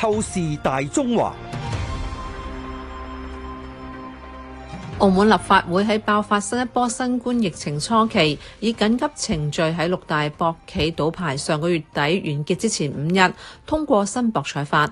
透視大中華。澳門立法會喺爆發新一波新冠疫情初期，以緊急程序喺六大博企賭牌上個月底完結之前五日通過新博彩法，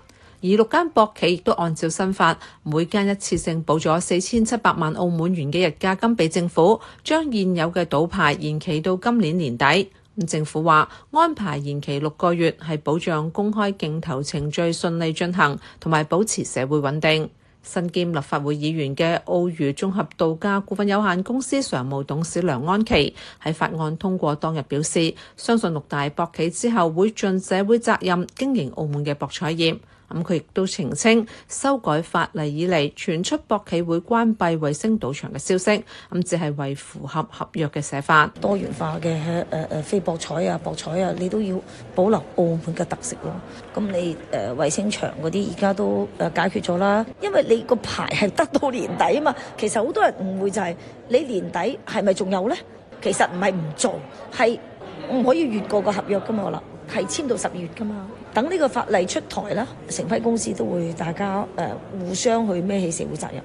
而六間博企亦都按照新法，每間一次性補咗四千七百萬澳門元嘅溢價金俾政府，將現有嘅賭牌延期到今年年底。政府話安排延期六個月，係保障公開競投程序順利進行，同埋保持社會穩定。身兼立法會議員嘅澳娛綜合度假股份有限公司常務董事梁安琪喺法案通過當日表示，相信六大博企之後會盡社會責任經營澳門嘅博彩業。咁佢亦都澄清，修改法例以嚟傳出博企會關閉衛星賭場嘅消息，咁只係為符合合約嘅寫法。多元化嘅誒誒非博彩啊，博彩啊，你都要保留澳門嘅特色咯。咁你誒、呃、衛星場嗰啲而家都誒解決咗啦，因為你，個牌係得到年底啊嘛，其實好多人誤會就係、是、你年底係咪仲有呢？其實唔係唔做，係唔可以越過個合約噶嘛，我諗係簽到十二月噶嘛。等呢個法例出台啦，成批公司都會大家誒、呃、互相去孭起社會責任。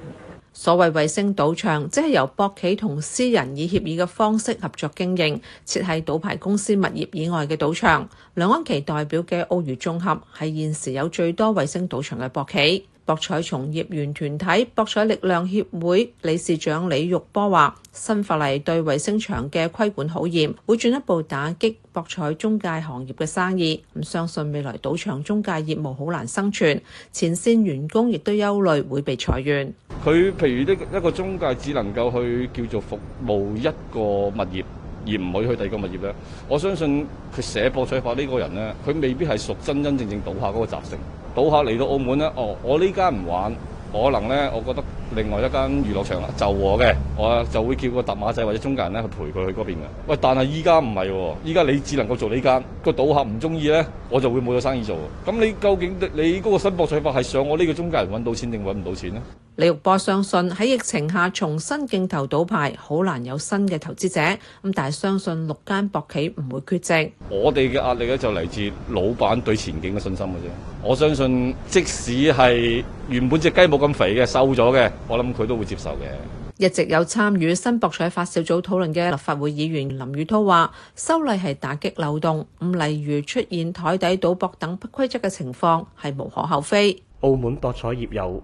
所謂衛星賭場，即係由博企同私人以協議嘅方式合作經營，設喺賭牌公司物業以外嘅賭場。梁安琪代表嘅澳娛綜合係現時有最多衛星賭場嘅博企。博彩從業員團體博彩力量協會理事長李玉波話：新法例對衛星場嘅規管好嚴，會進一步打擊博彩中介行業嘅生意。唔相信未來賭場中介業務好難生存，前線員工亦都憂慮會被裁員。佢譬如一一個中介只能夠去叫做服務一個物業，而唔可以去第二個物業咧。我相信佢寫博彩法呢個人咧，佢未必係屬真真正正賭客嗰個習性。賭客嚟到澳門呢，哦，我呢間唔玩，可能呢，我覺得。另外一間娛樂場啦，就我嘅，我呀就會叫個疊碼仔或者中介人咧去陪佢去嗰邊嘅。喂，但係依家唔係喎，依家你只能夠做呢間個賭客唔中意咧，我就會冇咗生意做。咁你究竟你嗰個新博彩法係想我呢個中介人揾到錢定揾唔到錢呢？李玉博相信喺疫情下重新競投賭牌，好難有新嘅投資者。咁但係相信六間博企唔會缺席。我哋嘅壓力咧就嚟自老闆對前景嘅信心嘅啫。我相信即使係原本隻雞冇咁肥嘅，瘦咗嘅。我諗佢都會接受嘅。一直有參與新博彩法小組討論嘅立法會議員林宇滔話，修例係打擊漏洞，唔例如出現台底賭博等不規則嘅情況，係無可厚非。澳門博彩業有。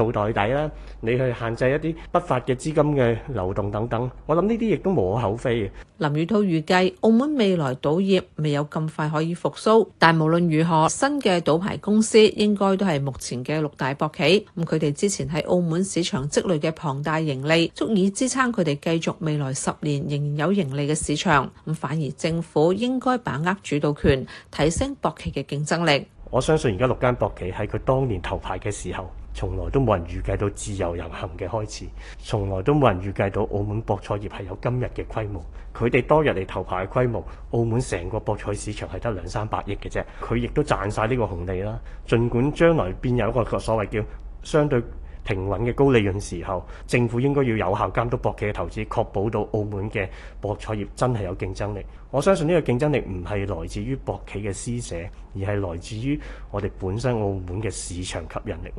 做袋底啦，你去限制一啲不法嘅資金嘅流動等等，我諗呢啲亦都無可厚非嘅。林宇濤預計澳門未來賭業未有咁快可以復甦，但無論如何，新嘅賭牌公司應該都係目前嘅六大博企。咁佢哋之前喺澳門市場積累嘅龐大盈利，足以支撐佢哋繼續未來十年仍然有盈利嘅市場。咁反而政府應該把握主導權，提升博企嘅競爭力。我相信而家六間博企喺佢當年頭牌嘅時候。從來都冇人預計到自由遊行嘅開始，從來都冇人預計到澳門博彩業係有今日嘅規模。佢哋當日嚟投牌嘅規模，澳門成個博彩市場係得兩三百億嘅啫。佢亦都賺晒呢個紅利啦。儘管將來變有一個所謂叫相對平穩嘅高利潤時候，政府應該要有效監督博企嘅投資，確保到澳門嘅博彩業真係有競爭力。我相信呢個競爭力唔係來自於博企嘅施捨，而係來自於我哋本身澳門嘅市場吸引力。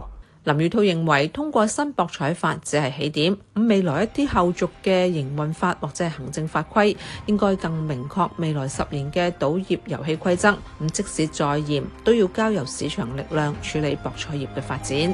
林宇濤認為，通過新博彩法只係起點，咁未來一啲後續嘅營運法或者行政法規，應該更明確未來十年嘅賭業遊戲規則。咁即使再嚴，都要交由市場力量處理博彩業嘅發展。